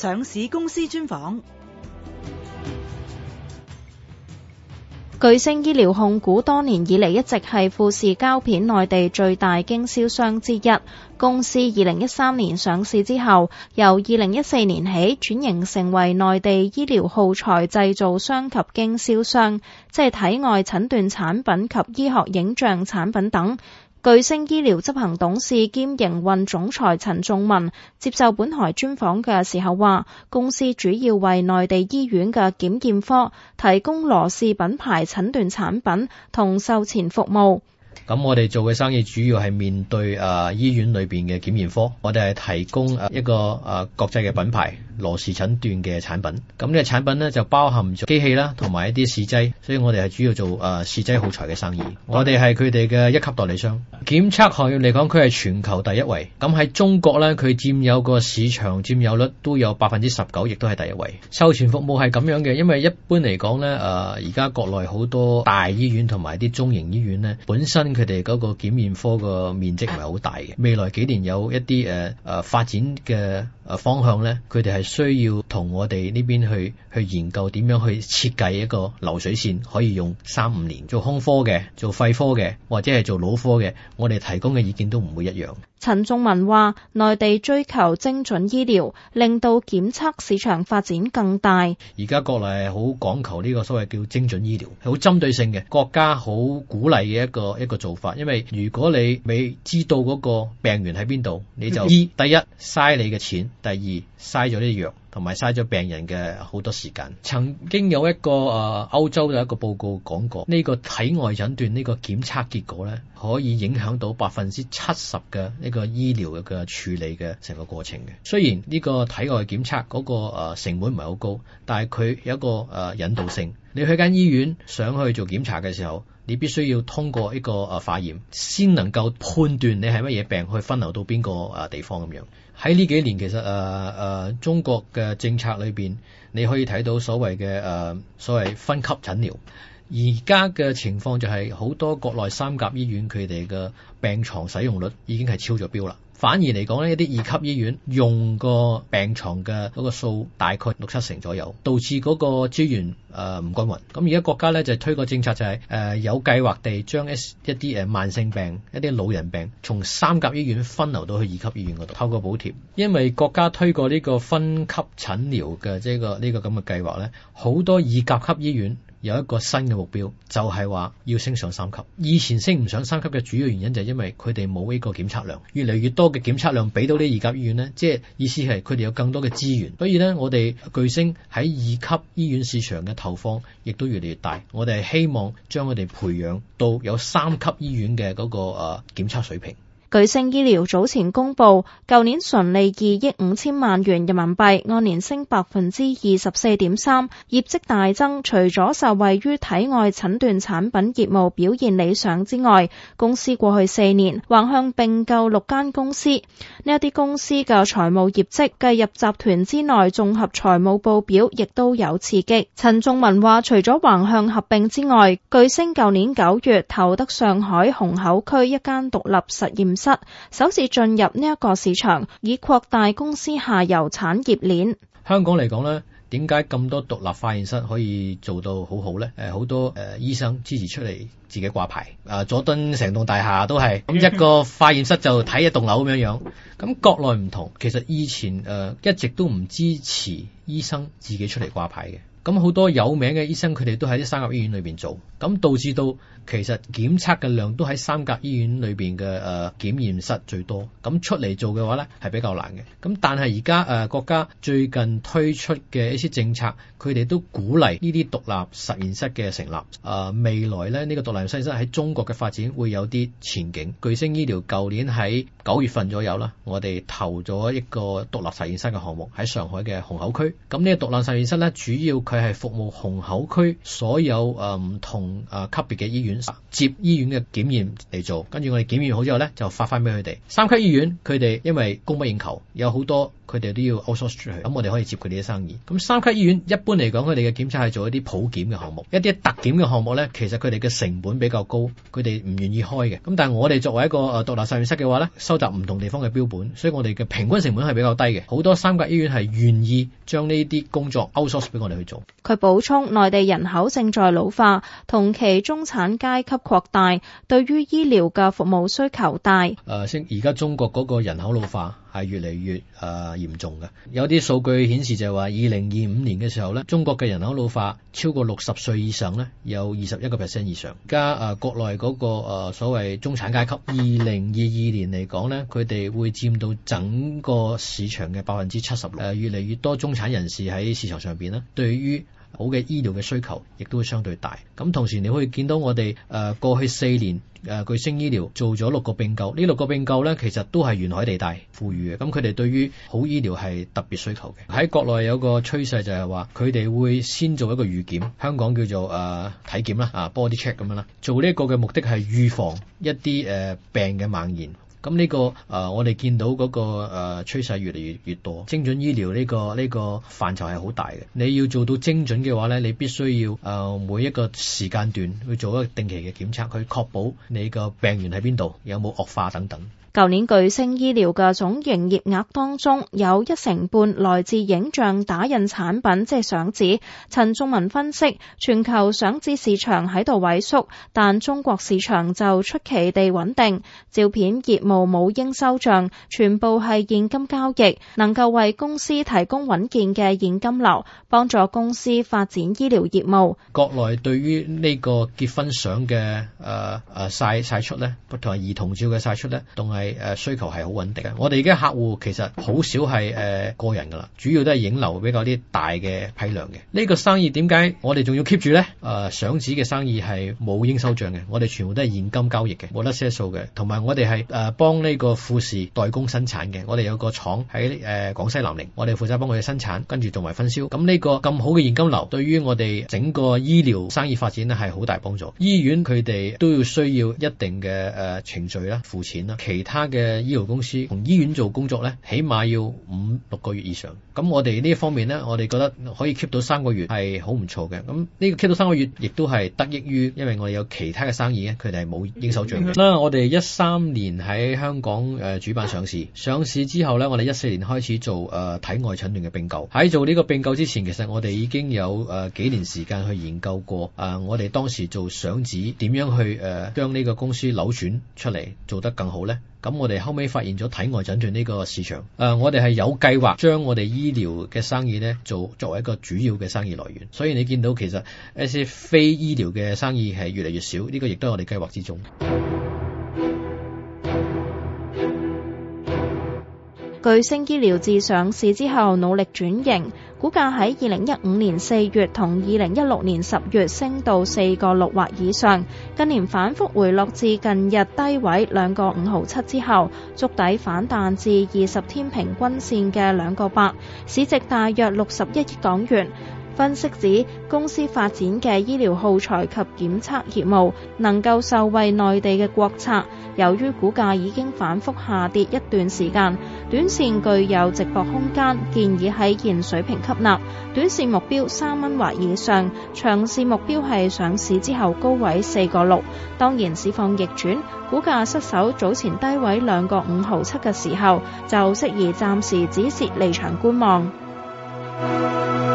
上市公司專訪。巨星醫療控股多年以嚟一直係富士膠片內地最大經銷商之一。公司二零一三年上市之後，由二零一四年起轉型成為內地醫療耗材製造商及經銷商，即係體外診斷產品及醫學影像產品等。巨星醫療執行董事兼營運總裁陳頌文接受本台專訪嘅時候話，公司主要為內地醫院嘅檢驗科提供羅氏品牌診斷產品同售前服務。咁我哋做嘅生意主要係面對誒醫院裏邊嘅檢驗科，我哋係提供誒一個誒國際嘅品牌。羅氏診斷嘅產品，咁呢個產品咧就包含咗機器啦，同埋一啲試劑，所以我哋係主要做誒試劑耗材嘅生意。我哋係佢哋嘅一級代理商。檢測行業嚟講，佢係全球第一位。咁喺中國咧，佢佔有個市場佔有率都有百分之十九，亦都係第一位。授權服務係咁樣嘅，因為一般嚟講咧，誒而家國內好多大醫院同埋啲中型醫院咧，本身佢哋嗰個檢驗科個面積唔係好大嘅。未來幾年有一啲誒誒發展嘅。誒方向咧，佢哋係需要同我哋呢邊去去研究點樣去設計一個流水線，可以用三五年做胸科嘅、做肺科嘅，或者係做腦科嘅。我哋提供嘅意見都唔會一樣。陳頌文話，內地追求精準醫療，令到檢測市場發展更大。而家國內好講求呢個所謂叫精準醫療，係好針對性嘅，國家好鼓勵嘅一個一個做法。因為如果你未知道嗰個病源喺邊度，你就醫、嗯、第一嘥你嘅錢。第二，嘥咗啲藥，同埋嘥咗病人嘅好多時間。曾經有一個啊歐洲有一個報告講過，呢個體外診斷呢個檢測結果呢，可以影響到百分之七十嘅呢個醫療嘅嘅處理嘅成個過程嘅。雖然呢個體外檢測嗰個誒成本唔係好高，但係佢有一個誒引導性。你去間醫院想去做檢查嘅時候，你必須要通過一個誒化驗，先能夠判斷你係乜嘢病，去分流到邊個誒地方咁樣。喺呢幾年其實誒誒、呃呃、中國嘅政策裏邊，你可以睇到所謂嘅誒、呃、所謂分級診療。而家嘅情況就係好多國內三甲醫院佢哋嘅病床使用率已經係超咗標啦。反而嚟講呢一啲二級醫院用個病床嘅嗰個數大概六七成左右，導致嗰個資源誒唔、呃、均勻。咁而家國家呢，就推個政策就係、是、誒、呃、有計劃地將一啲誒慢性病、一啲老人病從三甲醫院分流到去二級醫院嗰度，透過補貼。因為國家推過呢個分級診療嘅即係呢個咁嘅計劃呢好多二甲級醫院。有一個新嘅目標，就係話要升上三級。以前升唔上三級嘅主要原因就係因為佢哋冇呢個檢測量，越嚟越多嘅檢測量俾到呢二甲醫院呢，即係意思係佢哋有更多嘅資源。所以呢，我哋巨星喺二級醫院市場嘅投放亦都越嚟越大。我哋係希望將佢哋培養到有三級醫院嘅嗰個誒檢測水平。巨星醫療早前公布，舊年純利二億五千萬元人民幣，按年升百分之二十四點三，業績大增。除咗受惠於體外診斷產品業務表現理想之外，公司過去四年橫向併購六間公司，呢一啲公司嘅財務業績計入集團之內，綜合財務報表亦都有刺激。陳頌文話，除咗橫向合併之外，巨星舊年九月投得上海虹口區一間獨立實驗首次進入呢一個市場，以擴大公司下游產業鏈。香港嚟講呢，點解咁多獨立化驗室可以做到好好呢？誒，好多誒醫生支持出嚟自己掛牌，啊、呃，佐敦成棟大廈都係咁一個化驗室就睇一棟樓咁樣樣。咁國內唔同，其實以前誒、呃、一直都唔支持醫生自己出嚟掛牌嘅。咁好多有名嘅醫生，佢哋都喺啲三甲醫院裏邊做，咁導致到其實檢測嘅量都喺三甲醫院裏邊嘅誒檢驗室最多。咁出嚟做嘅話呢，係比較難嘅。咁但係而家誒國家最近推出嘅一啲政策，佢哋都鼓勵呢啲獨立實驗室嘅成立。誒、呃、未來咧呢、呢個獨立實驗室喺中國嘅發展會有啲前景。巨星醫療舊年喺九月份左右啦，我哋投咗一個獨立實驗室嘅項目喺上海嘅虹口區。咁呢個獨立實驗室呢，主要。佢係服務虹口區所有誒唔、嗯、同誒級別嘅醫院接醫院嘅檢驗嚟做，跟住我哋檢驗好之後呢，就發翻俾佢哋。三級醫院佢哋因為供不應求，有好多佢哋都要 outsource 出去，咁我哋可以接佢哋嘅生意。咁三級醫院一般嚟講，佢哋嘅檢測係做一啲普檢嘅項目，一啲特檢嘅項目呢，其實佢哋嘅成本比較高，佢哋唔願意開嘅。咁但係我哋作為一個誒獨立實驗室嘅話呢，收集唔同地方嘅標本，所以我哋嘅平均成本係比較低嘅。好多三甲醫院係願意將呢啲工作 outsource 俾我哋去做。佢補充，內地人口正在老化，同期中產階級擴大，對於醫療嘅服務需求大。誒、呃，而家中國嗰個人口老化，係越嚟越啊、呃、嚴重嘅，有啲數據顯示就係話，二零二五年嘅時候咧，中國嘅人口老化超過六十歲以上咧，有二十一個 percent 以上。加啊、呃、國內嗰、那個、呃、所謂中產階級，二零二二年嚟講咧，佢哋會佔到整個市場嘅百分之七十六。誒、呃，越嚟越多中產人士喺市場上邊咧，對於，好嘅醫療嘅需求，亦都會相對大。咁同時你可以見到我哋誒、呃、過去四年誒、呃、巨星醫療做咗六個並購，呢六個並購呢，其實都係沿海地帶富裕嘅。咁佢哋對於好醫療係特別需求嘅。喺國內有個趨勢就係話，佢哋會先做一個預檢，香港叫做誒、呃、體檢啦，啊 body check 咁樣啦，做呢個嘅目的係預防一啲誒、呃、病嘅蔓延。咁呢個誒，我哋見到嗰個誒趨勢，越嚟越越多，精準醫療呢個呢個範疇係好大嘅。你要做到精準嘅話咧，你必須要誒每一個時間段去做一個定期嘅檢測，去確保你個病源喺邊度，有冇惡化等等。舊年巨星醫療嘅總營業額當中有一成半來自影像打印產品，即係相紙。陳頌文分析，全球相紙市場喺度萎縮，但中國市場就出奇地穩定。照片業務冇應收賬，全部係現金交易，能夠為公司提供穩健嘅現金流，幫助公司發展醫療業務。國內對於呢個結婚相嘅誒誒晒出咧，不同兒童照嘅晒出咧，同係誒需求係好穩定嘅，我哋而家客戶其實好少係誒、呃、個人噶啦，主要都係影樓比較啲大嘅批量嘅。呢、這個生意點解我哋仲要 keep 住呢？誒、呃，相紙嘅生意係冇應收賬嘅，我哋全部都係現金交易嘅，冇得賒數嘅。同埋我哋係誒幫呢個富士代工生產嘅，我哋有個廠喺誒廣西南寧，我哋負責幫佢哋生產，跟住做埋分銷。咁呢個咁好嘅現金流，對於我哋整個醫療生意發展咧係好大幫助。醫院佢哋都要需要一定嘅誒、呃、程序啦，付錢啦，其他嘅醫療公司同醫院做工作呢，起碼要五六個月以上。咁我哋呢一方面呢，我哋覺得可以 keep 到三個月係好唔錯嘅。咁呢個 keep 到三個月，亦都係得益於，因為我哋有其他嘅生意咧，佢哋係冇應手賬嘅。啦、嗯，嗯嗯、我哋一三年喺香港誒、呃、主辦上市，上市之後呢，我哋一四年開始做誒、呃、體外診斷嘅併購。喺做呢個併購之前，其實我哋已經有誒、呃、幾年時間去研究過誒、呃，我哋當時做相紙點樣去誒將呢個公司扭轉出嚟做得更好呢。咁我哋後尾發現咗體外診斷呢個市場，誒、呃，我哋係有計劃將我哋醫療嘅生意咧做作為一個主要嘅生意來源，所以你見到其實一些非醫療嘅生意係越嚟越少，呢、這個亦都係我哋計劃之中。巨星醫療自上市之後努力轉型，股價喺二零一五年四月同二零一六年十月升到四個六或以上。近年反覆回落至近日低位兩個五毫七之後，觸底反彈至二十天平均線嘅兩個八，市值大約六十一億港元。分析指公司發展嘅醫療耗材及檢測業務能夠受惠內地嘅國策，由於股價已經反覆下跌一段時間。短線具有值博空間，建議喺現水平吸納。短線目標三蚊或以上，長線目標係上市之後高位四個六。當然市況逆轉，股價失守早前低位兩個五毫七嘅時候，就適宜暫時止蝕離場觀望。